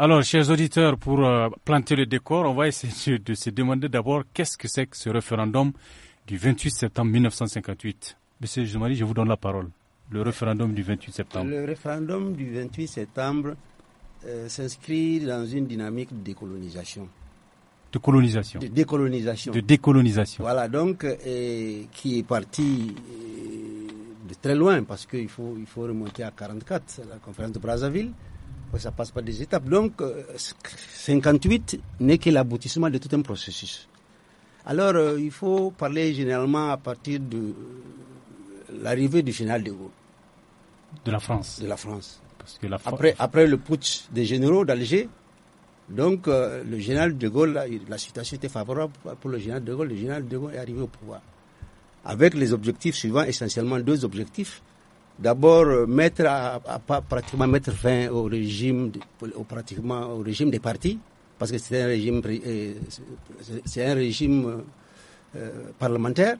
Alors, chers auditeurs, pour euh, planter le décor, on va essayer de se demander d'abord qu'est-ce que c'est que ce référendum du 28 septembre 1958. Monsieur Jumari, je vous donne la parole. Le référendum du 28 septembre. Le référendum du 28 septembre euh, s'inscrit dans une dynamique de décolonisation. De colonisation. De décolonisation. De décolonisation. Voilà, donc, euh, qui est parti euh, de très loin, parce qu'il faut, il faut remonter à 44, la conférence de Brazzaville, ça passe par des étapes. Donc, 58 euh, n'est que l'aboutissement de tout un processus. Alors, il faut parler généralement à partir de l'arrivée du final de Gaulle. De la France. De la France. Parce que Après, après le putsch des généraux d'Alger, donc, euh, le général de Gaulle, la, situation était favorable pour le général de Gaulle. Le général de Gaulle est arrivé au pouvoir. Avec les objectifs suivants, essentiellement deux objectifs. D'abord, euh, mettre à, pratiquement mettre fin au régime, au, pratiquement au régime des partis, parce que c'est un régime, euh, c'est un régime parlementaire.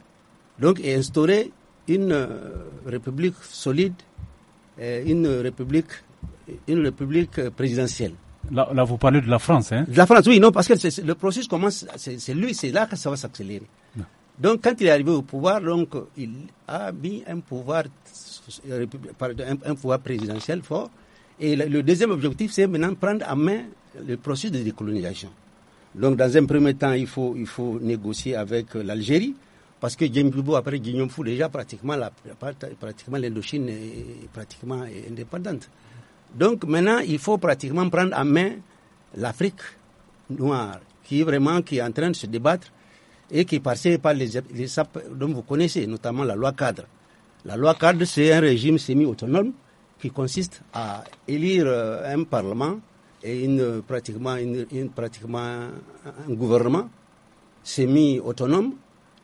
Donc, et instaurer une république solide, une république, une république présidentielle. Là, vous parlez de la France, hein De la France, oui, non, parce que le processus commence, c'est lui, c'est là que ça va s'accélérer. Donc, quand il est arrivé au pouvoir, donc, il a mis un pouvoir, un, pouvoir présidentiel fort. Et le, deuxième objectif, c'est maintenant prendre en main le processus de décolonisation. Donc, dans un premier temps, il faut, il faut négocier avec l'Algérie, parce que après Guignon Fou, déjà, pratiquement, la, pratiquement l'Indochine est pratiquement indépendante. Donc maintenant, il faut pratiquement prendre en main l'Afrique noire, qui est vraiment qui est en train de se débattre et qui passe par les, les dont vous connaissez, notamment la loi cadre. La loi cadre, c'est un régime semi-autonome qui consiste à élire euh, un parlement et une, pratiquement, pratiquement un gouvernement semi-autonome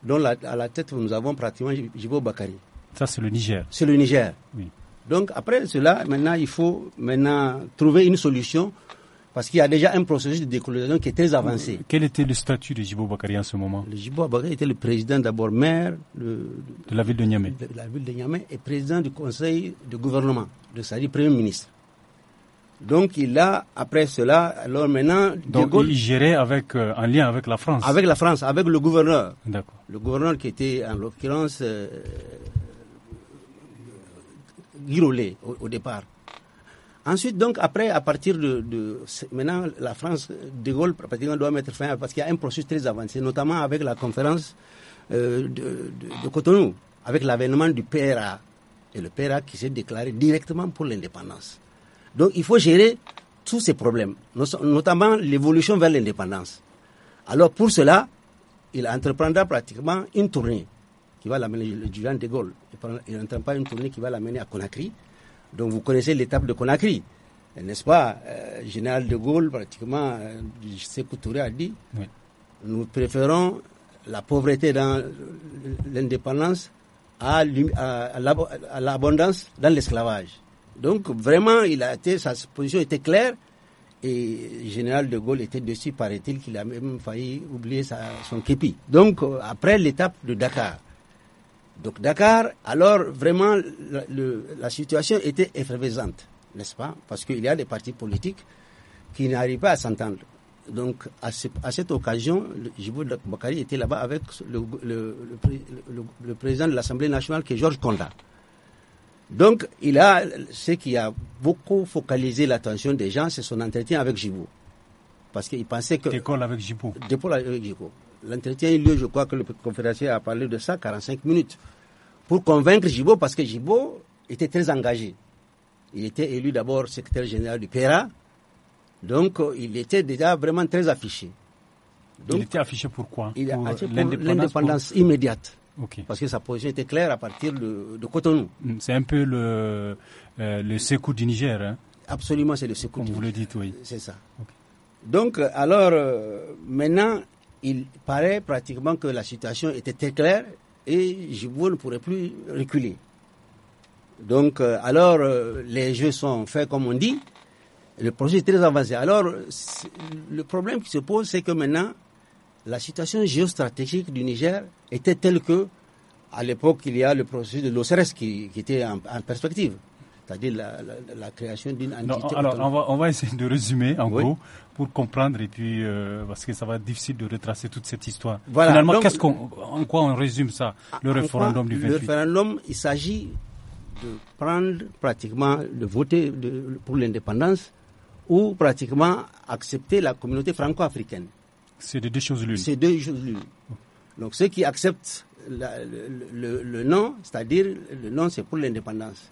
dont à la tête nous avons pratiquement Jibo Bakari. Ça, c'est le Niger. C'est le Niger. Oui. Donc après cela, maintenant, il faut maintenant trouver une solution parce qu'il y a déjà un processus de décolonisation qui est très avancé. Euh, quel était le statut de Jibo Bakari en ce moment Le Jibo Bakari était le président d'abord maire de, la ville de Niamey. De, la ville de Niamey et président du conseil de gouvernement, de c'est-à-dire premier ministre. Donc il a, après cela, alors maintenant... Donc il gérait avec, euh, en lien avec la France Avec la France, avec le gouverneur. D'accord. Le gouverneur qui était en l'occurrence euh, Guirolé au, départ. Ensuite, donc, après, à partir de, maintenant, la France, De Gaulle, pratiquement, doit mettre fin parce qu'il y a un processus très avancé, notamment avec la conférence euh, de, de, Cotonou, avec l'avènement du PRA, et le PRA qui s'est déclaré directement pour l'indépendance. Donc, il faut gérer tous ces problèmes, notamment l'évolution vers l'indépendance. Alors, pour cela, il entreprendra pratiquement une tournée qui va l'amener, le de Gaulle. Il n'entend pas une tournée qui va l'amener à Conakry. Donc vous connaissez l'étape de Conakry, n'est-ce pas euh, Général de Gaulle, pratiquement, euh, Touré a dit, nous préférons la pauvreté dans l'indépendance à, à l'abondance dans l'esclavage. Donc vraiment, il a été, sa position était claire. Et général de Gaulle était dessus, paraît-il, qu'il a même failli oublier son képi. Donc, euh, après l'étape de Dakar, donc Dakar, alors vraiment, la, situation était effervescente, n'est-ce pas Parce qu'il y a des partis politiques qui n'arrivent pas à s'entendre. Donc à, cette occasion, de Bakari était là-bas avec le, président de l'Assemblée nationale qui est Georges Condat. Donc il a ce qui a beaucoup focalisé l'attention des gens, c'est son entretien avec Jibou. Parce qu'il pensait que... D'école avec Jibou. D'école avec Jibou l'entretien a eu lieu, je crois que le conférencier a parlé de ça, 45 minutes, pour convaincre Jibo, parce que Jibo était très engagé. Il était élu d'abord secrétaire général du PERA, donc euh, il était déjà vraiment très affiché. il était affiché pourquoi il a pour l'indépendance immédiate. Parce que sa position était claire à partir de, Cotonou. Mm, c'est un peu le, euh, le secours du Niger. Hein. Absolument, c'est le secours Comme vous le dites, oui. C'est ça. Donc, euh, alors, maintenant, il paraît pratiquement que la situation était très claire et je ne pourrait plus reculer. Donc, euh, alors, euh, les jeux sont faits comme on dit. Le projet est très avancé. Alors, le problème qui se pose, c'est que maintenant, la situation géostratégique du Niger était telle que, à l'époque, il y a le processus de l'OCRS qui, était en perspective c'est-à-dire la, création d'une entité. alors, on va, essayer de résumer en gros pour comprendre et puis euh, parce que ça va être difficile de retracer toute cette histoire. Finalement, qu'est-ce qu'on, en quoi on résume ça, ah, le référendum du 28 Le référendum, il s'agit de prendre pratiquement, de voter pour l'indépendance ou pratiquement accepter la communauté franco-africaine. C'est de deux choses l'une. C'est deux choses l'une. Donc ceux qui acceptent le, non, c'est-à-dire le non, c'est pour l'indépendance.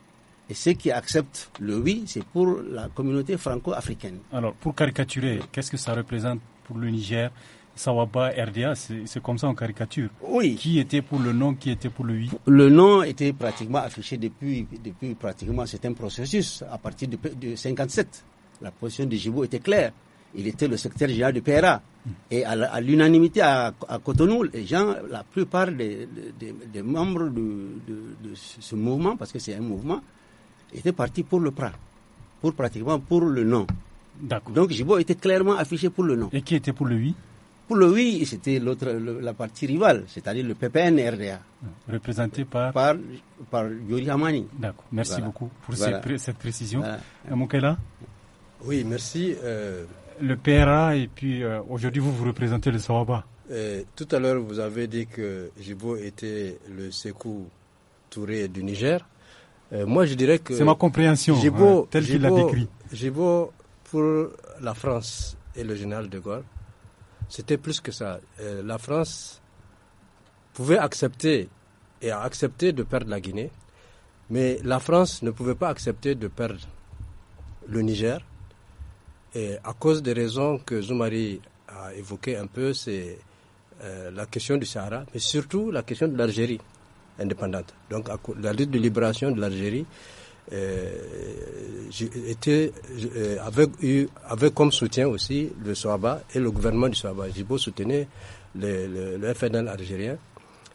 Et ceux qui acceptent le oui, c'est pour la communauté franco-africaine. Alors, pour caricaturer, qu'est-ce que ça représente pour le Niger Sawaba, RDA, c'est comme ça en caricature. Oui. Qui était pour le non, qui était pour le oui Le non était pratiquement affiché depuis, depuis pratiquement, c'est un processus à partir de 1957. La position de Djibo était claire. Il était le secrétaire général du PRA. Hmm. Et à l'unanimité à, Cotonou, les gens, la plupart des, des, des membres de, de, de, ce mouvement, parce que c'est un mouvement, était parti pour le PRA, pour pratiquement pour le non. Donc Jibo était clairement affiché pour le non. Et qui était pour le oui Pour le oui, c'était l'autre, la partie rivale, c'est-à-dire le PPN-RDA. Représenté par Par, Hamani. D'accord. Merci beaucoup pour cette, précision. Euh, Moukela Oui, merci. Euh, le PRA, et puis euh, aujourd'hui, vous vous représentez le Sawaba. tout à l'heure, vous avez dit que Jibo était le Sekou Touré du Niger. Euh, moi, je dirais que. C'est ma compréhension, hein, tel qu'il l'a décrit. pour la France et le général de Gaulle, c'était plus que ça. Euh, la France pouvait accepter et a accepté de perdre la Guinée, mais la France ne pouvait pas accepter de perdre le Niger. Et à cause des raisons que Zoumari a évoquées un peu, c'est euh, la question du Sahara, mais surtout la question de l'Algérie indépendante. Donc la lutte de libération de l'Algérie euh, était, euh, avait, eu, comme soutien aussi le Soaba et le gouvernement du Soaba. Jibo soutenait le, FNL algérien.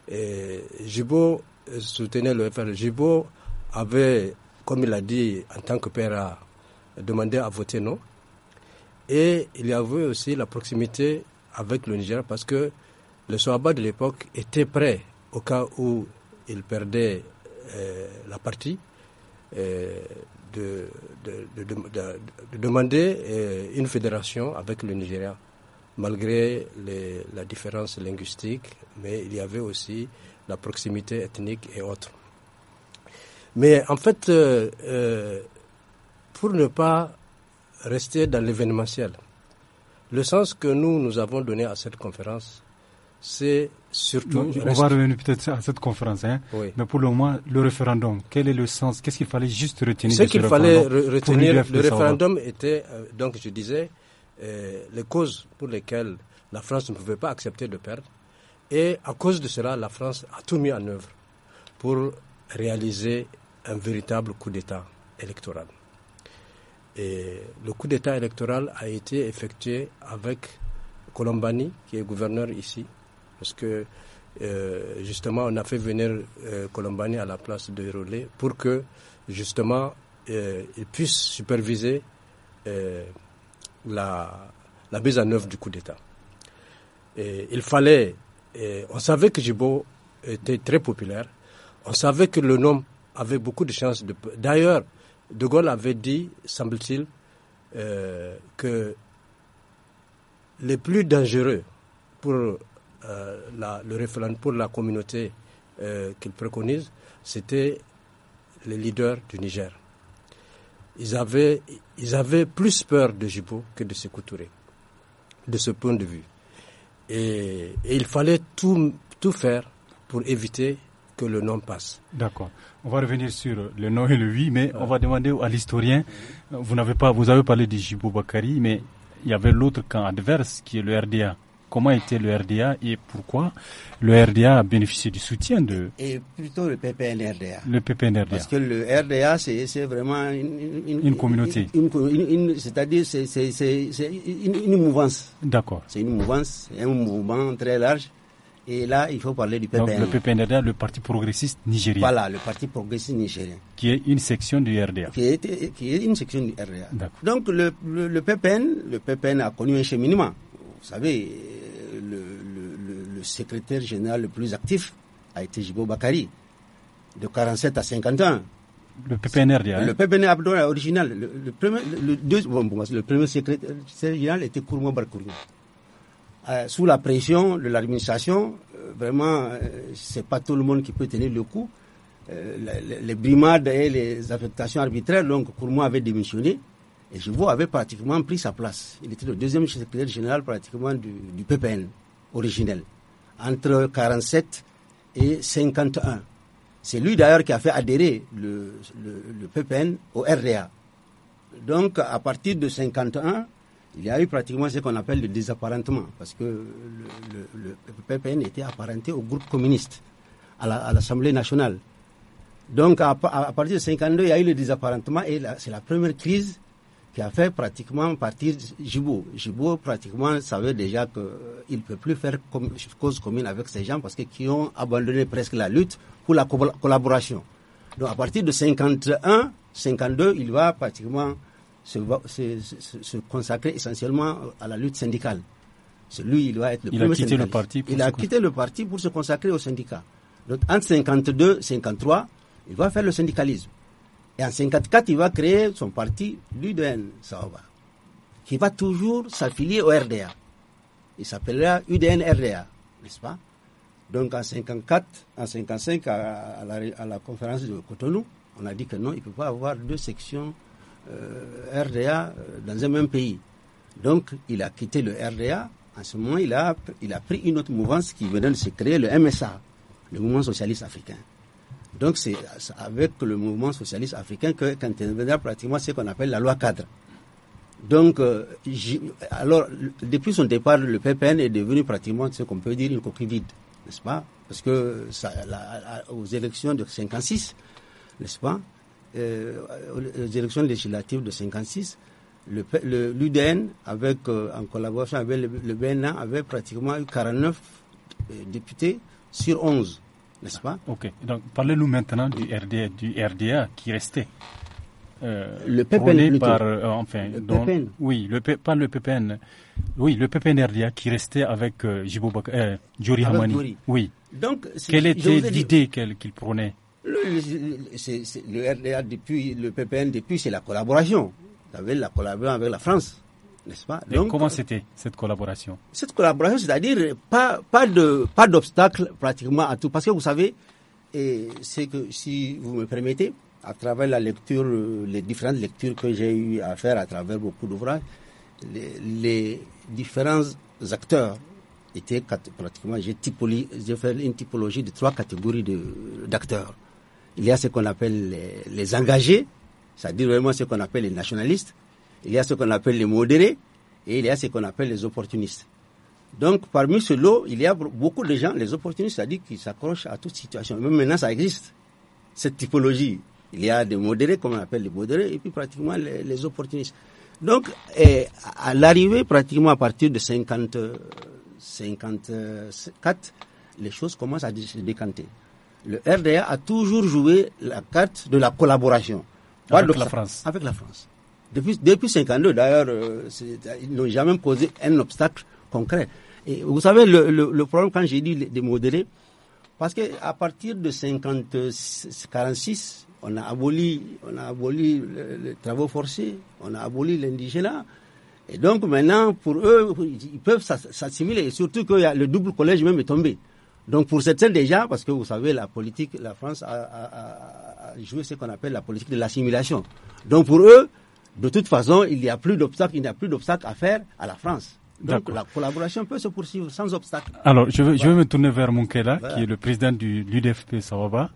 Et Jibo euh, soutenait le FNL. Jibo avait, comme il a dit en tant que père, demandé à voter non. Et il y avait aussi la proximité avec le Niger parce que le Soaba de l'époque était prêt au cas où il perdait euh, la partie, euh, de, demander euh, une fédération avec le Nigeria, malgré la différence linguistique, mais il y avait aussi la proximité ethnique et autres. Mais en fait, pour ne pas rester dans l'événementiel, le sens que nous, nous avons donné à cette conférence, c'est surtout. on va revenir peut-être à cette conférence, hein. mais pour le moins le référendum, quel est le sens Qu'est-ce qu'il fallait juste retenir Ce qu'il fallait retenir, le référendum était, euh, donc je disais, euh, les causes pour lesquelles la France ne pouvait pas accepter de perdre. Et à cause de cela, la France a tout mis en œuvre pour réaliser un véritable coup d'État électoral. Et le coup d'État électoral a été effectué avec Colombani, qui est gouverneur ici, parce que euh, justement, on a fait venir euh, Colombani à la place de Rollet pour que justement euh, il puisse superviser la, mise en œuvre du coup d'État. il fallait, on savait que Jibo était très populaire, on savait que le nom avait beaucoup de chances. D'ailleurs, de, de Gaulle avait dit, semble-t-il, que les plus dangereux pour euh, le référendum pour la communauté euh, qu'il préconise, c'était les leaders du Niger. Ils avaient, ils avaient plus peur de Jibo que de couturer de ce point de vue. Et, il fallait tout, faire pour éviter que le nom passe. D'accord. On va revenir sur le nom et le oui, mais on va demander à l'historien. Vous n'avez pas, vous avez parlé de Jibo Bakari, mais il y avait l'autre camp adverse qui est le RDA comment était le RDA et pourquoi le RDA a bénéficié du soutien de... Et plutôt le PPN RDA. Le RDA. Parce que le RDA, c'est vraiment une, communauté. C'est-à-dire, c'est une, mouvance. D'accord. C'est une mouvance, un mouvement très large. Et là, il faut parler du PPN. Donc, le RDA, le Parti progressiste nigérien. Voilà, le Parti progressiste nigérien. Qui est une section du RDA. Qui est, une section du RDA. Donc, le, PPN, le PPN a connu un cheminement vous savez, euh, le, secrétaire général le plus actif a été Jibo Bakari, de 47 à 50 ans. Le PPNR, hein. Le PPNR original. Le, premier, le, le premier secrétaire général était Kourmo Barkourou. Euh, sous la pression de l'administration, euh, vraiment, euh, c'est pas tout le monde qui peut tenir le coup. Les, brimades et les affectations arbitraires, donc moi avait démissionné. Et vois avait pratiquement pris sa place. Il était le deuxième secrétaire général pratiquement du, PPN originel, entre 47 et 51. C'est lui d'ailleurs qui a fait adhérer le, PPN au RDA. Donc à partir de 51, il y a eu pratiquement ce qu'on appelle le désapparentement, parce que le, PPN était apparenté au groupe communiste à l'Assemblée nationale. Donc à, partir de 52, il y a eu le désapparentement et c'est la première crise qui a fait pratiquement partir Jibo. Jibo, pratiquement, savait déjà qu'il euh, ne peut plus faire cause commune avec ces gens parce qu'ils ont abandonné presque la lutte pour la collaboration. Donc, à partir de 51, 52, il va pratiquement se, consacrer essentiellement à la lutte syndicale. Celui, il va être le premier a le parti Il a quitté le parti pour se consacrer au syndicat. Donc, entre 52 53, il va faire le syndicalisme. Et en 54, il va créer son parti, l'UDN saoba qui va toujours s'affilier au RDA. Il s'appellera UDN RDA, n'est-ce pas Donc en 54, en 55, à, la, conférence de Cotonou, on a dit que non, il ne peut pas avoir deux sections euh, RDA euh, dans un même pays. Donc il a quitté le RDA. En ce moment, il a, il a pris une autre mouvance qui venait de se créer, le MSA, le Mouvement Socialiste Africain. Donc c'est avec le mouvement socialiste africain que qu'interviendra pratiquement ce qu'on appelle la loi cadre. Donc, euh, alors, depuis son départ, le PPN est devenu pratiquement ce qu'on peut dire une coquille vide, n'est-ce pas Parce que aux élections de 56, n'est-ce pas euh, Aux élections législatives de 56, l'UDN, le, l'UDN euh, en collaboration avec le, le BNA, avait pratiquement eu 49 députés sur 11 n'est-ce pas Ok, donc parlez-nous maintenant du RDA, du RDA qui restait. Euh, le PPN par, euh, enfin, le donc, PPN. oui, le, pas le PPN, oui, le PPN RDA qui restait avec euh, Juri euh, Hamani. Oui. Donc, quelle était l'idée qu'il prenait le, le, RDA depuis le PPN depuis c'est la collaboration. Vous avez la collaboration avec la France. Comment euh, c'était cette collaboration Cette collaboration, c'est-à-dire pas, pas, de, pas d'obstacle pratiquement à tout. Parce que vous savez, c'est que si vous me permettez, à travers la lecture, euh, les différentes lectures que j'ai eu à faire à travers beaucoup d'ouvrages, les, différents acteurs étaient pratiquement, j'ai fait une typologie de trois catégories d'acteurs. Il y a ce qu'on appelle les engagés, c'est-à-dire vraiment ce qu'on appelle les nationalistes, il y a ce qu'on appelle les modérés et il y a ce qu'on appelle les opportunistes. Donc, parmi ce lot, il y a beaucoup de gens, les opportunistes, c'est-à-dire qui s'accrochent à toute situation. Même maintenant, ça existe, cette typologie. Il y a des modérés, comme on appelle les modérés, et puis pratiquement les, opportunistes. Donc, à l'arrivée, pratiquement à partir de 50, 54, les choses commencent à se décanter. Le RDA a toujours joué la carte de la collaboration. Avec la France. Depuis, depuis 52, d'ailleurs, euh, ils n'ont jamais posé un obstacle concret. Et vous savez, le, le, problème, quand j'ai dit de modérés, parce que à partir de 50, 46, on a aboli, on a aboli les travaux forcés, on a aboli l'indigénat. Et donc maintenant, pour eux, ils peuvent s'assimiler. surtout que le double collège même est tombé. Donc pour certains déjà, parce que vous savez, la politique, la France a, a, a joué ce qu'on appelle la politique de l'assimilation. Donc pour eux, de toute façon, il n'y a plus d'obstacle, il n'y a plus d'obstacle à faire à la France. Donc la collaboration peut se poursuivre sans obstacle. Alors je vais, me tourner vers Moukela, qui est le président du l'UDFP Sawaba.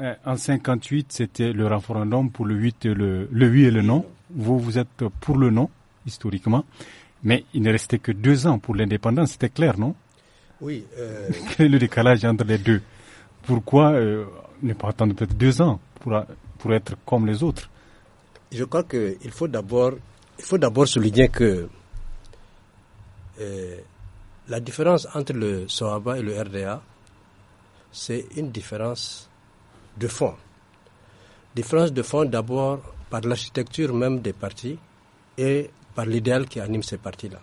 Euh, en 58, c'était le référendum pour le 8 et le, non. Vous, vous êtes pour le non, historiquement. Mais il ne restait que deux ans pour l'indépendance, c'était clair, non Oui. Euh, Quel est le décalage entre les deux Pourquoi euh, ne pas attendre peut-être deux ans pour, pour être comme les autres je crois qu'il faut d'abord, il faut d'abord souligner que euh, la différence entre le SOABA et le RDA, c'est une différence de fond. Différence de fond d'abord par l'architecture même des partis et par l'idéal qui anime ces partis-là.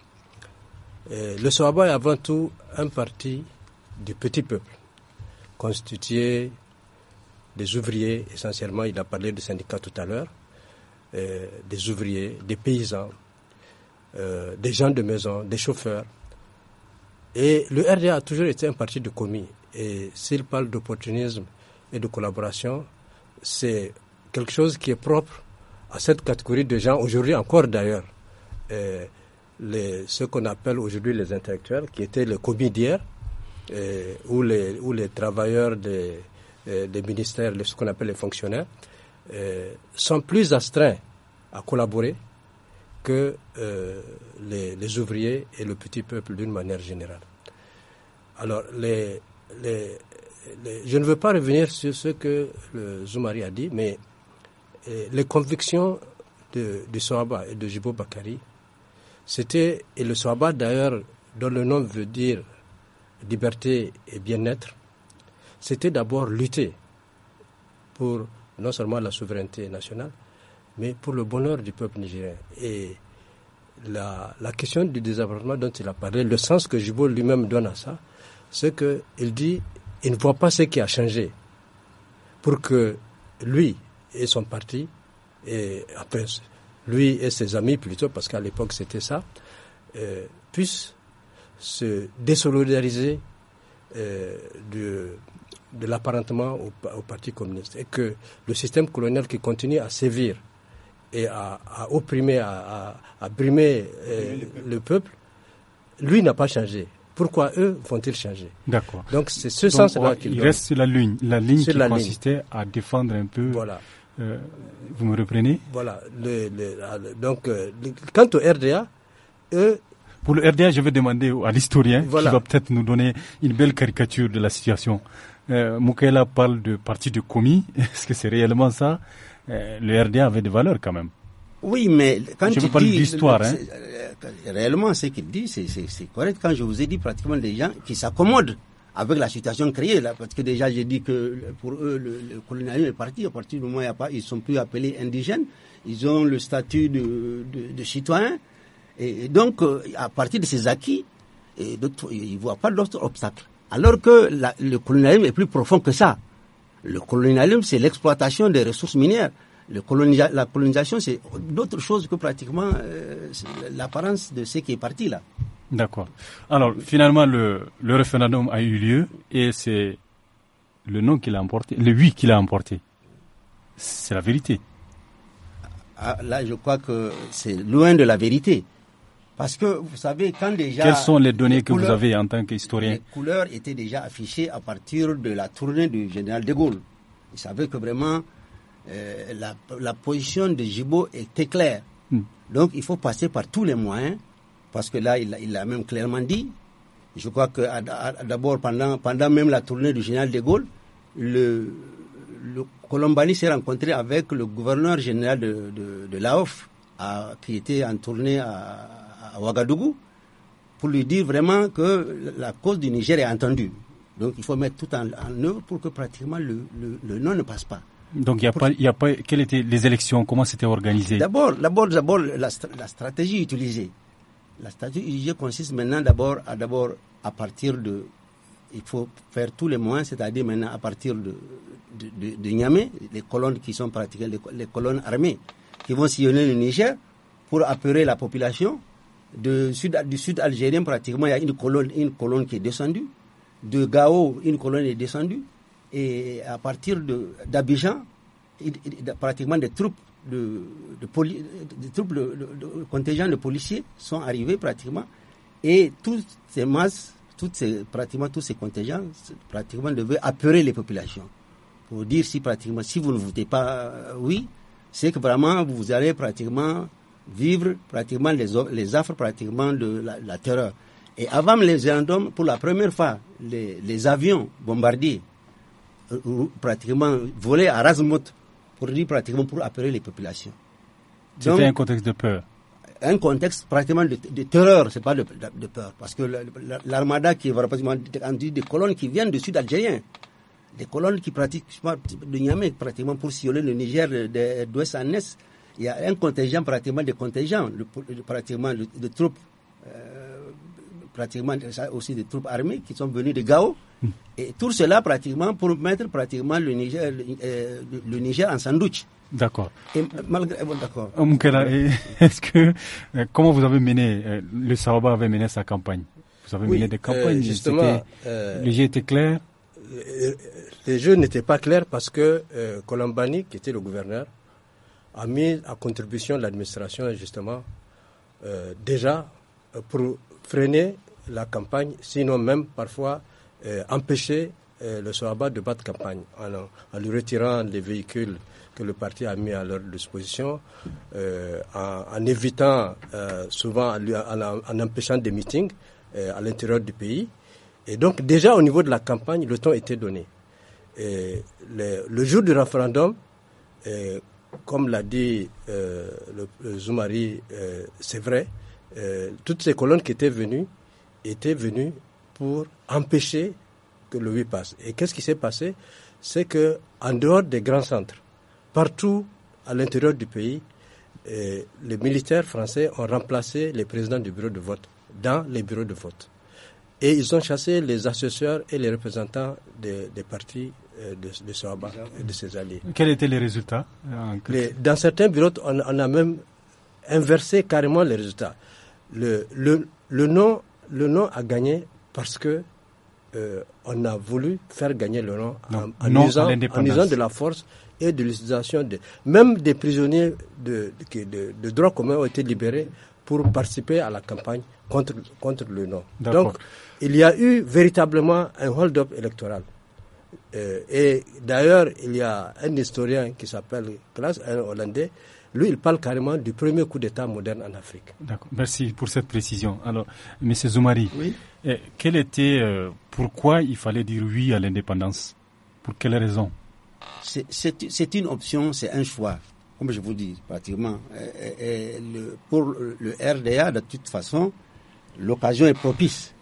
Euh, le Sohaba est avant tout un parti du petit peuple, constitué des ouvriers essentiellement, il a parlé de syndicats tout à l'heure, euh, des ouvriers, des paysans, euh, des gens de maison, des chauffeurs. Et le RDA a toujours été un parti de commis. Et s'il parle d'opportunisme et de collaboration, c'est quelque chose qui est propre à cette catégorie de gens, aujourd'hui encore d'ailleurs. Euh, ce qu'on appelle aujourd'hui les intellectuels, qui étaient les commis d'hier, ou les, travailleurs des, des ministères, ce qu'on appelle les fonctionnaires. Euh, sont plus astreints à collaborer que euh, les, ouvriers et le petit peuple d'une manière générale. Alors, je ne veux pas revenir sur ce que le Zoumari a dit, mais euh, les convictions du Sohaba et de Jibo Bakari, c'était, et le Sohaba d'ailleurs, dont le nom veut dire liberté et bien-être, c'était d'abord lutter pour non seulement la souveraineté nationale, mais pour le bonheur du peuple nigérien. Et la, question du désavantage dont il a parlé, le sens que Jibo lui-même donne à ça, c'est qu'il dit il ne voit pas ce qui a changé pour que lui et son parti, et après lui et ses amis plutôt, parce qu'à l'époque c'était ça, euh, puissent se désolidariser euh, de, de l'apparentement au, Parti communiste et que le système colonial qui continue à sévir et à, opprimer, à, à, brimer euh, le peuple, lui n'a pas changé. Pourquoi eux vont-ils changer D'accord. Donc c'est ce sens-là qu'il Il reste la ligne, la ligne qui consistait à défendre un peu. Voilà. Euh, vous me reprenez Voilà. donc, euh, quant au RDA, eux, pour le RDA, je vais demander à l'historien qui va peut-être nous donner une belle caricature de la situation. Euh, parle de parti de commis. Est-ce que c'est réellement ça euh, Le RDA avait des valeurs quand même. Oui, mais quand je tu parle d'histoire, hein. euh, réellement ce qu'il dit, c'est correct. Quand je vous ai dit pratiquement des gens qui s'accommodent avec la situation créée là, parce que déjà j'ai dit que pour eux le, colonialisme est parti. À partir du moment où ils ne sont plus appelés indigènes. Ils ont le statut de, citoyens citoyen. Et donc, euh, à partir de ces acquis, ils ne voient pas d'autres obstacles. Alors que le colonialisme est plus profond que ça. Le colonialisme, c'est l'exploitation des ressources minières. Le la colonisation, c'est d'autres choses que pratiquement euh, l'apparence de ce qui est parti là. D'accord. Alors, finalement, le, le, référendum a eu lieu et c'est le nom qu'il a emporté, le oui qu'il a emporté. C'est la vérité. Ah, là, je crois que c'est loin de la vérité. Parce que vous savez, quand déjà. Quelles sont les données que vous avez en tant qu'historien Les couleurs étaient déjà affichées à partir de la tournée du général de Gaulle. Il savait que vraiment euh, la, position de Gibo était claire. Hmm. Donc il faut passer par tous les moyens, parce que là, il, il même clairement dit. Je crois que d'abord, pendant, pendant même la tournée du général de Gaulle, le, le Colombani s'est rencontré avec le gouverneur général de, de, de Laof, qui était en tournée à, à Ouagadougou pour lui dire vraiment que la cause du Niger est entendue. Donc il faut mettre tout en, œuvre pour que pratiquement le, le, non ne passe pas. Donc il y a pas, il y a pas. Quelles étaient les élections Comment c'était organisé D'abord, d'abord, d'abord la, stratégie utilisée. La stratégie utilisée consiste maintenant d'abord à d'abord à partir de, il faut faire tous les moyens, c'est-à-dire maintenant à partir de de, Niamey, les colonnes qui sont pratiquées, les, les colonnes armées qui vont sillonner le Niger pour apeurer la population sud, du sud algérien, pratiquement, il y a une colonne, une colonne qui est descendue. De Gao, une colonne est descendue. Et à partir d'Abidjan, pratiquement des troupes de, de, des troupes de, contingents de policiers sont arrivés pratiquement. Et toutes ces masses, toutes ces, pratiquement tous ces contingents, pratiquement devaient apeurer les populations. Pour dire si pratiquement, si vous ne votez pas euh, oui, c'est que vraiment vous allez pratiquement vivre pratiquement les, les affres pratiquement de la, la, terreur. Et avant les Andoms, pour la première fois, les, les avions bombardiers euh, pratiquement volés à Razmout pour dire pratiquement pour appeler les populations. C'était un contexte de peur. Un contexte pratiquement de, de terreur, c'est pas de, de, peur, parce que l'armada qui est pratiquement des colonnes qui viennent du sud algérien, des colonnes qui pratiquent de Niamey pratiquement pour sillonner le Niger d'ouest en est, il y a un contingent pratiquement des contingents, pratiquement de, troupes, euh, pratiquement aussi des troupes armées qui sont venues de Gao. Hmm. Et tout cela pratiquement pour mettre pratiquement le Niger, le, euh, Niger en sandwich. D'accord. malgré, bon, d'accord. Euh, est-ce que, comment vous avez mené, le Sahaba avait mené sa campagne Vous avez mené des campagnes justement, Le jeu était clair Le, jeu n'était pas clair parce que Colombani, qui était le gouverneur, a mis à contribution l'administration justement euh, déjà euh, pour freiner la campagne, sinon même parfois euh, empêcher le Sohaba de battre campagne en, en, lui retirant les véhicules que le parti a mis à leur disposition, en, évitant souvent, en, empêchant des meetings à l'intérieur du pays. Et donc déjà au niveau de la campagne, le temps était donné. le jour du référendum, comme l'a dit euh, le, Zoumari, euh, c'est vrai, euh, toutes ces colonnes qui étaient venues étaient venues pour empêcher que le 8 passe. Et qu'est-ce qui s'est passé C'est que en dehors des grands centres, partout à l'intérieur du pays, les militaires français ont remplacé les présidents du bureau de vote dans les bureaux de vote. Et ils ont chassé les assesseurs et les représentants des, des partis euh, de, de, et de, ses alliés. Quels étaient les résultats euh, Dans certains bureaux, on, a même inversé carrément les résultats. Le, le, le, non, a gagné parce que euh, on a voulu faire gagner le nom non, en, usant, de la force et de l'utilisation de... Même des prisonniers de, de, de droit ont été libérés pour participer à la campagne contre, contre le nom Donc, il y a eu véritablement un hold-up électoral. Euh, et d'ailleurs, il y a un historien qui s'appelle Klaas, un Hollandais. Lui, il parle carrément du premier coup d'État moderne en Afrique. D'accord. Merci pour cette précision. Alors, M. Zoumari, oui? Euh, quel était, euh, pourquoi il fallait dire oui à l'indépendance Pour quelles raisons c'est, une option, c'est un choix. Comme je vous dis, pratiquement. pour le RDA, de toute façon, l'occasion est propice.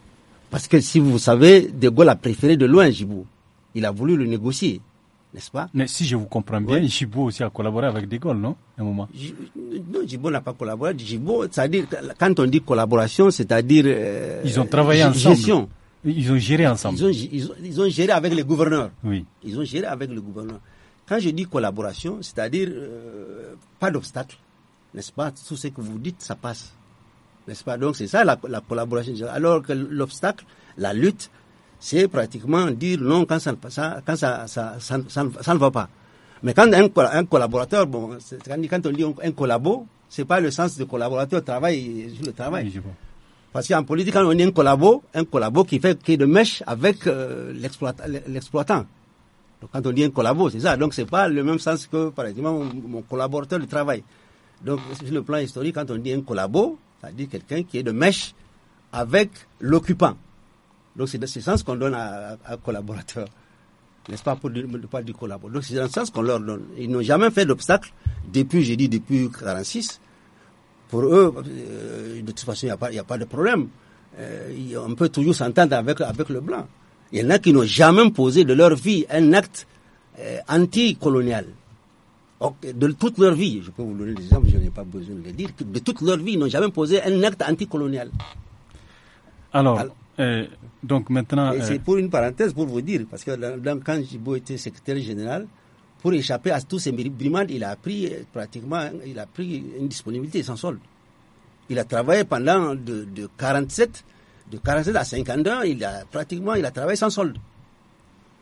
Parce que si vous savez, De Gaulle a préféré de loin Djibouti. Il a voulu le négocier, n'est-ce pas Mais si je vous comprends bien, Jibo aussi a collaboré avec De Gaulle, non un moment Non, Jibo n'a pas collaboré. Jibo, c'est-à-dire, quand on dit collaboration, c'est-à-dire. Euh, ils ont travaillé ensemble. Ils ont géré ensemble. Ils ont, géré avec les gouverneurs. Oui. Ils ont géré avec le gouverneur. Quand je dis collaboration, c'est-à-dire euh, pas d'obstacle, n'est-ce pas Tout ce que vous dites, ça passe, n'est-ce pas Donc c'est ça la, collaboration. Alors que l'obstacle, la lutte, c'est pratiquement dire non quand ça ne, ça, va pas. Mais quand un, un collaborateur, bon, quand on dit un collabo, c'est pas le sens de collaborateur travail je le travail. Parce qu'en politique, quand on dit un collabo, un collabo qui fait est de mèche avec euh, l'exploitant. Donc quand on dit un collabo, c'est ça. Donc c'est pas le même sens que, par exemple, mon, collaborateur de travail. Donc sur le plan historique, quand on dit un collabo, ça dit quelqu'un qui est de mèche avec l'occupant. Donc c'est dans ce sens qu'on donne à, à collaborateurs, n'est-ce pas, pour ne pas du collaborateur. Donc c'est dans ce sens qu'on leur donne. Ils n'ont jamais fait d'obstacle depuis, j'ai dit, depuis 1946. Pour eux, euh, de toute façon, il n'y a, a, pas de problème. Euh, on peut toujours s'entendre avec, avec le blanc. Il y en a qui n'ont jamais posé de leur vie un acte euh, anticolonial. De toute leur vie, je peux vous donner des exemples, je n'ai pas besoin de le dire, de toute leur vie, ils n'ont jamais posé un acte anticolonial. Alors, Alors euh, donc maintenant. C'est euh, pour une parenthèse pour vous dire, parce que quand Jibo était secrétaire général, pour échapper à tous ces brimades, il a pris euh, pratiquement hein, il a pris une disponibilité sans solde. Il a travaillé pendant de, 47 de 47 à 52 il a pratiquement il a travaillé sans solde.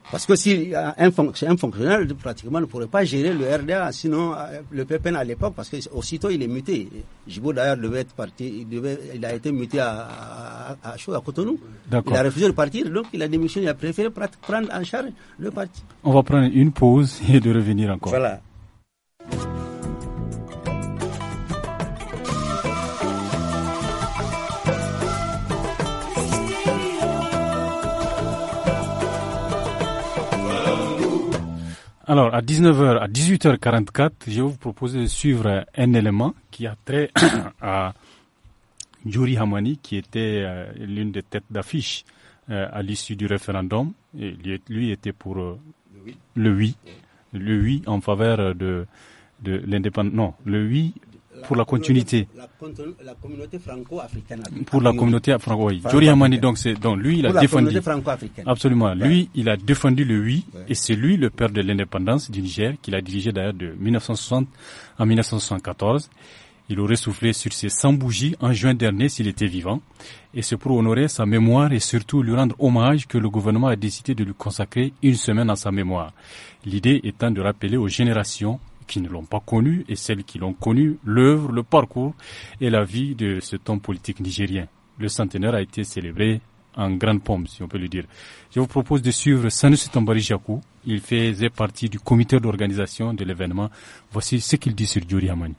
Parce que si a un fonctionnaire pratiquement ne pourrait pas gérer le RDA, sinon euh, le PPN à l'époque, parce qu'aussitôt il est muté. Gibault d'ailleurs devait être parti, il, devait, il a été muté à, à, à, à Cotonou. Il a refusé de partir, donc il a démissionné, il a préféré prendre en charge le parti. On va prendre une pause et de revenir encore. Voilà. Alors, à 19h, à 18h44, je vais vous proposer de suivre un élément qui a trait à Juri Hamani, qui était euh, l'une des têtes d'affiche euh, à l'issue du référendum. Et lui était pour euh, le oui. Le oui. en faveur de, de l'indépendance. Non, le oui pour la continuité. pour la communauté franco-africaine. Pour la communauté franco, africaine donc, c'est, donc, lui, il a défendu. Absolument. Lui, il a défendu le oui, et c'est lui, le père de l'indépendance du Niger, qu'il a dirigé d'ailleurs de 1960 à 1974. Il aurait soufflé sur ses 100 bougies en juin dernier s'il était vivant. Et c'est pour honorer sa mémoire et surtout lui rendre hommage que le gouvernement a décidé de lui consacrer une semaine à sa mémoire. L'idée étant de rappeler aux générations qui ne l'ont pas connu et celles qui l'ont connu, l'œuvre, le parcours et la vie de ce temps politique nigérien. Le centenaire a été célébré en grande pompe, si on peut le dire. Je vous propose de suivre Sanusi Tambari Il faisait partie du comité d'organisation de l'événement. Voici ce qu'il dit sur Djuri Amani.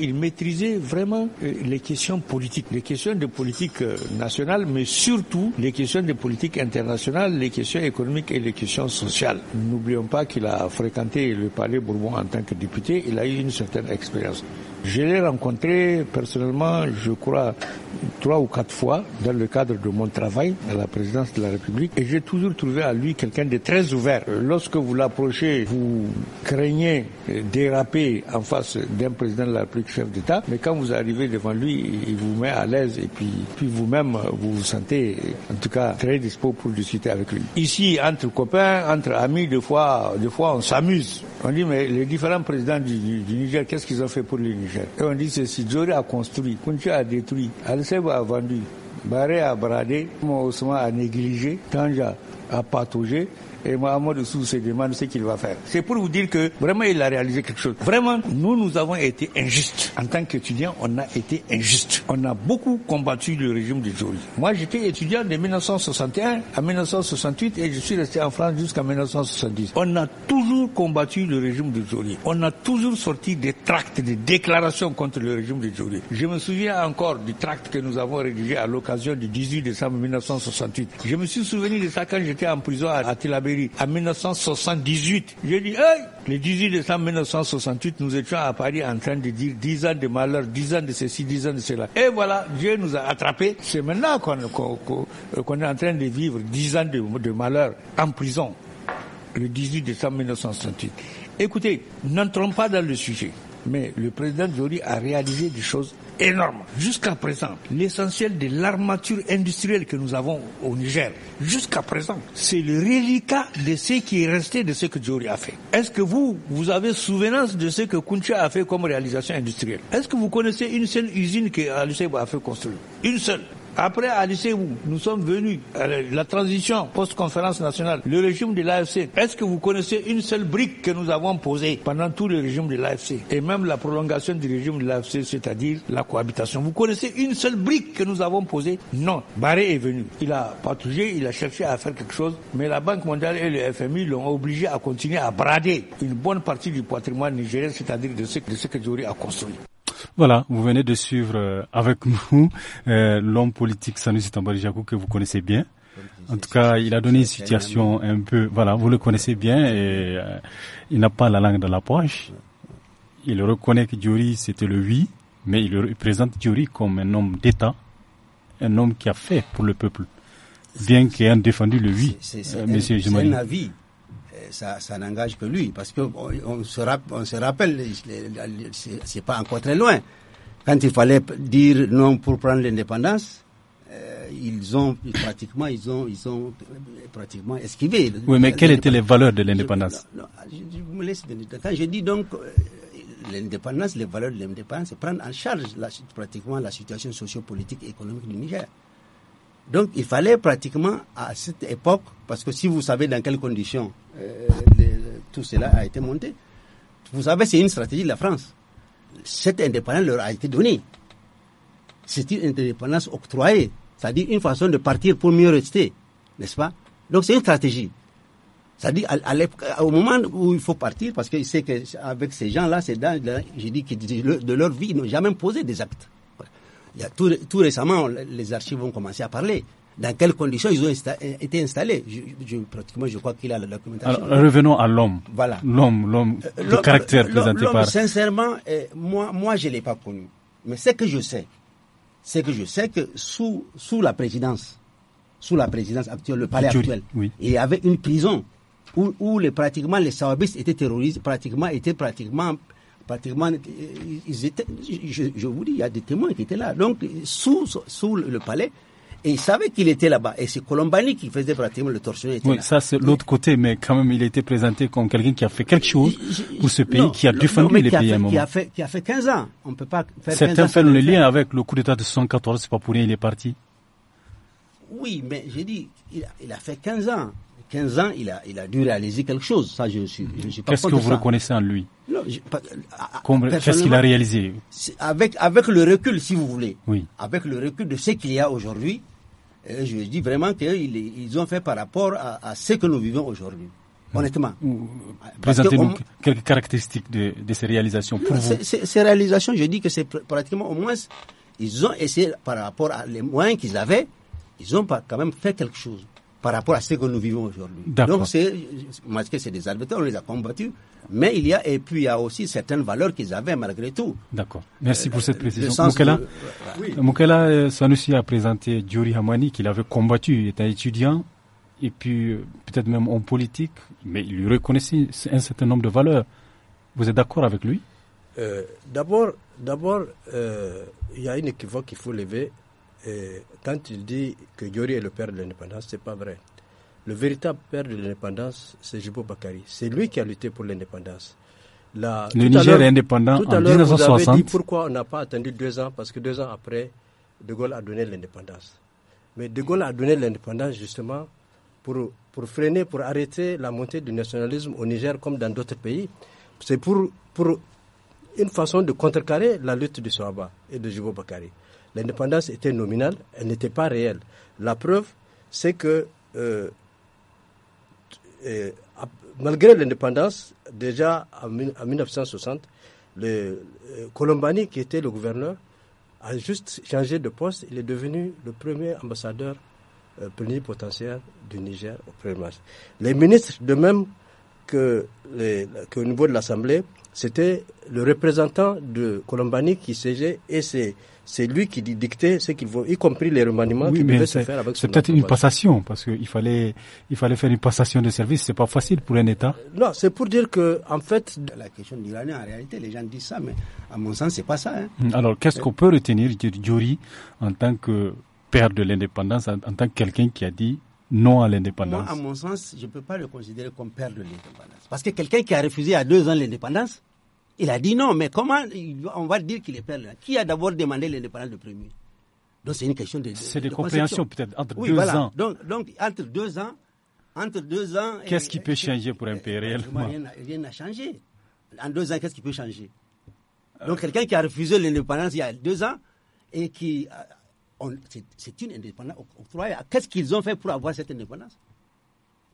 Il maîtrisait vraiment euh, les questions politiques, les questions de politique euh, nationale, mais surtout les questions de politique internationale, les questions économiques et les questions sociales. N'oublions pas qu'il a fréquenté le palais Bourbon en tant que député, il a eu une certaine expérience. Je l'ai rencontré personnellement, je crois, trois ou quatre fois dans le cadre de mon travail à la présidence de la République et j'ai toujours trouvé à lui quelqu'un de très ouvert. Lorsque vous l'approchez, vous craignez déraper en face d'un président de la République chef d'État, mais quand vous arrivez devant lui, il vous met à l'aise et puis, puis vous-même, vous vous sentez en tout cas très dispo pour discuter avec lui. Ici, entre copains, entre amis, des fois, des fois on s'amuse. On dit mais les différents présidents du, Niger, qu'est-ce qu'ils ont fait pour le et on dit ceci, Jory a construit, Kunchi a détruit, Alseb a vendu, Baré a bradé, Moosman a négligé, Tanja a pataugé, et Mohamed Sou se demande ce qu'il va faire. C'est pour vous dire que vraiment il a réalisé quelque chose. Vraiment, nous, nous avons été injustes. En tant qu'étudiants, on a été injustes. On a beaucoup combattu le régime de jolie Moi, j'étais étudiant de 1961 à 1968 et je suis resté en France jusqu'en 1970. On a toujours combattu le régime de jolie On a toujours sorti des tracts, des déclarations contre le régime de jolie Je me souviens encore du tract que nous avons rédigé à l'occasion du 18 décembre 1968. Je me suis souvenu de ça quand j'étais en prison à Tilabé. À en 1978. je dis, le 18 décembre 1968, nous étions à Paris en train de dire 10 ans de malheur, 10 ans de ceci, 10 ans de cela. Et voilà, Dieu nous a attrapés. C'est maintenant qu'on euh, est en train de vivre 10 ans de, de malheur en prison, le 18 décembre 1968. Écoutez, n'entrons pas dans le sujet, mais le président Jory a réalisé des choses énorme. Jusqu'à présent, l'essentiel de l'armature industrielle que nous avons au Niger, jusqu'à présent, c'est le reliquat de ce qui est resté de ce que Djouri a fait. Est-ce que vous, vous avez souvenance de ce que Kuncha a fait comme réalisation industrielle Est-ce que vous connaissez une seule usine que Alice a fait construire Une seule. Après, à où nous sommes venus à euh, la transition post-conférence nationale, le régime de l'AFC. Est-ce que vous connaissez une seule brique que nous avons posée pendant tout le régime de l'AFC et même la prolongation du régime de l'AFC, c'est-à-dire la cohabitation Vous connaissez une seule brique que nous avons posée Non. Barré est venu. Il a patrouillé, il a cherché à faire quelque chose, mais la Banque mondiale et le FMI l'ont obligé à continuer à brader une bonne partie du patrimoine nigérien, c'est-à-dire de ce, de ce que Jory a construit. Voilà, vous venez de suivre euh, avec nous euh, l'homme politique Sanusi Tambarijakou que vous connaissez bien. En tout cas, il a donné une situation un peu, voilà, vous le connaissez bien et euh, il n'a pas la langue dans la poche. Il reconnaît que Diori, c'était le oui, mais il représente Diori comme un homme d'État, un homme qui a fait pour le peuple, bien qu'il ait défendu le oui, monsieur avis ça, n'engage que lui, parce qu'on on se, on se rappelle, c'est pas encore très loin. Quand il fallait dire non pour prendre l'indépendance, euh, ils ont pratiquement, ils ont, ils ont pratiquement esquivé. Oui, mais quelles étaient les valeurs de l'indépendance je, je dis donc euh, l'indépendance, les valeurs de l'indépendance, c'est prendre en charge la, pratiquement la situation sociopolitique et économique du Niger. Donc il fallait pratiquement à cette époque, parce que si vous savez dans quelles conditions euh, tout cela a été monté, vous savez c'est une stratégie de la France. Cette indépendance leur a été donnée. C'est une indépendance octroyée, c'est-à-dire une façon de partir pour mieux rester, n'est-ce pas Donc c'est une stratégie. C'est-à-dire, au moment où il faut partir, parce qu'il sait qu'avec ces gens-là, c'est dans, j'ai dit que de leur vie, ils n'ont jamais posé des actes. Il y a tout, récemment, les archives ont commencé à parler. Dans quelles conditions ils ont été installés je, Pratiquement, je crois qu'il a la documentation. Alors, revenons à l'homme. Voilà. L'homme, l'homme, euh, le caractère présenté par. Sincèrement, euh, moi, moi, je l'ai pas connu. Mais ce que je sais, c'est que je sais que sous, sous la présidence, sous la présidence actuelle, le palais actuel, il y avait une prison où, où les, pratiquement les sahabistes étaient terroristes, pratiquement étaient pratiquement patrimoine ils étaient, je, vous dis, il y a des témoins qui étaient là. Donc, sous, sous le palais, et ils savaient qu'il était là-bas. Et c'est Colombani qui faisait pratiquement le tortionnaire. oui, ça c'est l'autre côté, mais quand même il était présenté comme quelqu'un qui a fait quelque chose pour ce pays, qui a défendu les pays à un moment. Qui a, fait, qui a fait 15 ans. On peut pas faire Certains font le lien avec le coup d'état de 114, c'est pas pour rien, il est parti. Oui, mais j'ai dit, il a, il a fait 15 ans. 15 ans, il a, il a dû réaliser quelque chose. Ça, je suis, suis pas Qu'est-ce que vous reconnaissez en lui euh, ah, Qu'est-ce qu'il a réalisé avec, avec le recul, si vous voulez. Oui. Avec le recul de ce qu'il y a aujourd'hui, euh, je dis vraiment qu'ils ils ont fait par rapport à, ce que nous vivons aujourd'hui. Mmh. Honnêtement. Présentez-nous quelques caractéristiques de, ces réalisations pour vous. Ces, réalisations, je dis que c'est pratiquement au moins, ils ont essayé par rapport à les moyens qu'ils avaient, ils ont quand même fait quelque chose par rapport à ce que nous vivons aujourd'hui. Donc, c'est, que c'est des on les a combattus, mais il y a, et puis il y a aussi certaines valeurs qu'ils avaient malgré tout. D'accord. Merci pour cette euh, précision. Moukela, de... Euh, euh, Sanusi a présenté Djuri Hamani, qu'il avait combattu, il était étudiant, et puis peut-être même en politique, mais il lui reconnaissait un certain nombre de valeurs. Vous êtes d'accord avec lui D'abord, d'abord, il y a une équivoque qu'il faut lever et quand il dit que Yori est le père de l'indépendance, ce n'est pas vrai. Le véritable père de l'indépendance, c'est Jibo Bakari. C'est lui qui a lutté pour l'indépendance. le Niger est indépendant en 1960. pourquoi on n'a pas attendu deux ans, parce que deux ans après, De Gaulle a donné l'indépendance. Mais De Gaulle a donné l'indépendance justement pour, pour freiner, pour arrêter la montée du nationalisme au Niger comme dans d'autres pays. C'est pour, pour une façon de contrecarrer la lutte du Souaba et de Jibo Bakari. L'indépendance était nominale, elle n'était pas réelle. La preuve, c'est que euh, euh, malgré l'indépendance, déjà en, 1960, le, euh, Colombani, qui était le gouverneur, a juste changé de poste. Il est devenu le premier ambassadeur plénipotentiel du Niger au 1er mars. Les ministres, de même que qu'au niveau de l'Assemblée, c'était le représentant de Colombani qui siégeait et c'est c'est lui qui dictait ce qu'il voulait, y compris les remaniements qui se faire avec C'est peut-être une passation, parce qu'il fallait, il fallait faire une passation de service. C'est pas facile pour un État. Euh, non, c'est pour dire que, en fait, la question de en réalité, les gens disent ça, mais à mon sens, c'est pas ça. Hein. Hum, alors, qu'est-ce qu'on peut retenir de jury en tant que père de l'indépendance, en, tant que quelqu'un qui a dit non à l'indépendance Moi, à mon sens, je ne peux pas le considérer comme père de l'indépendance. Parce que quelqu'un qui a refusé à deux ans l'indépendance, il a dit non, mais comment on va dire qu'il est perdu Qui a d'abord demandé l'indépendance de premier Donc c'est une question de. C'est des de compréhensions peut-être entre deux voilà. ans. Donc, entre deux ans, entre deux ans. Qu'est-ce qui peut changer pour un pays réellement Rien n'a changé. En deux ans, qu'est-ce qui peut changer euh. Donc quelqu'un qui a refusé l'indépendance il y a deux ans et qui. Euh, c'est une indépendance Qu'est-ce qu'ils ont fait pour avoir cette indépendance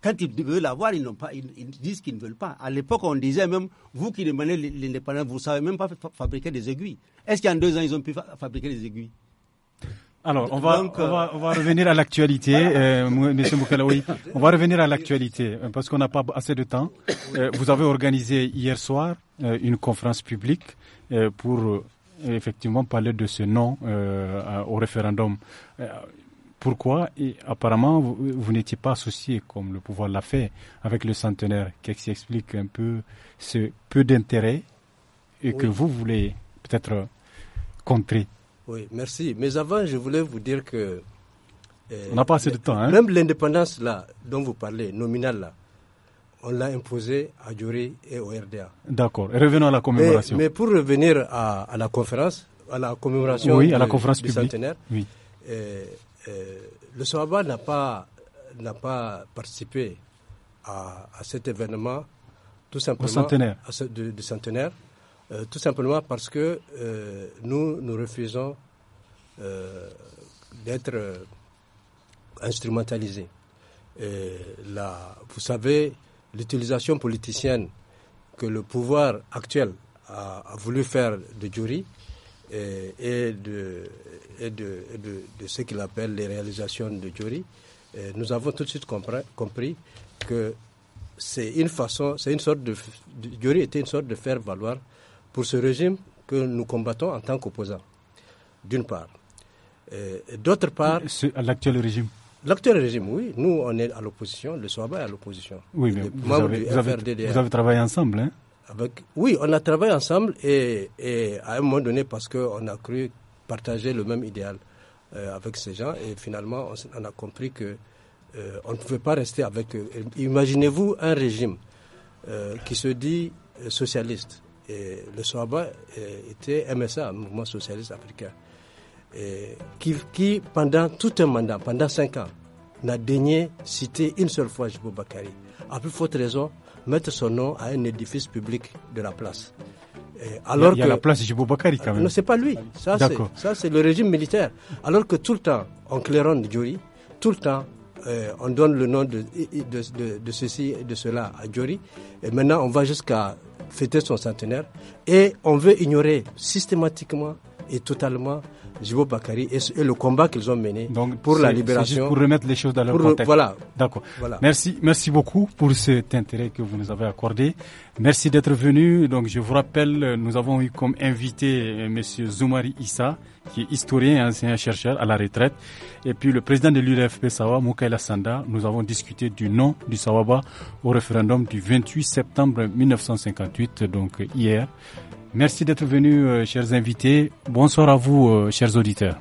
quand ils veulent l'avoir, ils, n'ont pas, ils, disent qu'ils ne veulent pas. À l'époque, on disait même, vous qui demandez l'indépendance, vous ne savez même pas fabriquer des aiguilles. Est-ce qu'en deux ans, ils ont pu fabriquer des aiguilles alors, euh, on va, revenir à l'actualité, euh, M. Moukalaoui. On va revenir à l'actualité parce qu'on n'a pas assez de temps. Euh, vous avez organisé hier soir une conférence publique pour effectivement parler de ce non au référendum. Pourquoi Et apparemment, vous, n'étiez pas associé, comme le pouvoir l'a fait, avec le centenaire. Qu'est-ce qui explique un peu ce peu d'intérêt et que vous voulez peut-être contrer Oui, merci. Mais avant, je voulais vous dire que... Euh, on n'a pas assez de temps. Hein? Même l'indépendance là dont vous parlez, nominale là, on l'a imposée à Djuri et au RDA. D'accord. Revenons à la commémoration. Mais, pour revenir à, la conférence, à la commémoration oui, à la conférence du centenaire, oui. Euh, euh, le Soaba n'a pas, participé à, cet événement, tout simplement. du, centenaire, euh, tout simplement parce que euh, nous, nous refusons d'être instrumentalisés. vous savez, l'utilisation politicienne que le pouvoir actuel a voulu faire de jury euh, et, de, et de, de, ce qu'il appelle les réalisations de jury euh, nous avons tout de suite compris, que c'est une façon, c'est une sorte de. était une sorte de faire valoir pour ce régime que nous combattons en tant qu'opposants, d'une part. Euh, d'autre part. L'actuel régime L'actuel régime, oui. Nous, on est à l'opposition. Le Swaba est à l'opposition. Oui, mais vous avez, travaillé ensemble, hein oui, on a travaillé ensemble et, à un moment donné, parce qu'on a cru partager le même idéal euh, avec ces gens et finalement, on, a compris que euh, on ne pouvait pas rester avec eux. Imaginez-vous un régime euh, qui se dit socialiste. Et le Soaba était MSA, un mouvement socialiste africain, qui, pendant tout un mandat, pendant cinq ans, n'a daigné citer une seule fois Jibou Bakari. À plus forte raison, mettre son nom à un édifice public de la place. alors que, la place jibou quand même. Non, c'est pas lui. Ça, c'est le régime militaire. Alors que tout le temps, on claironne Djori, tout le temps, euh, on donne le nom de, de, de, de ceci et de cela à Djori. Et maintenant, on va jusqu'à fêter son centenaire. Et on veut ignorer systématiquement et totalement Jibo Bakari et, le combat qu'ils ont mené pour la libération. Juste pour remettre les choses dans leur contexte. voilà. D'accord. Voilà. Merci, merci beaucoup pour cet intérêt que vous nous avez accordé. Merci d'être venu. Donc, je vous rappelle, nous avons eu comme invité euh, Monsieur Zoumari Issa, qui est historien et ancien chercheur à la retraite. Et puis, le président de l'URFP Sawa, Moukaila Sanda, nous avons discuté du nom du Sawaba au référendum du 28 septembre 1958, donc hier. Merci d'être venus, euh, chers invités. Bonsoir à vous, euh, chers auditeurs.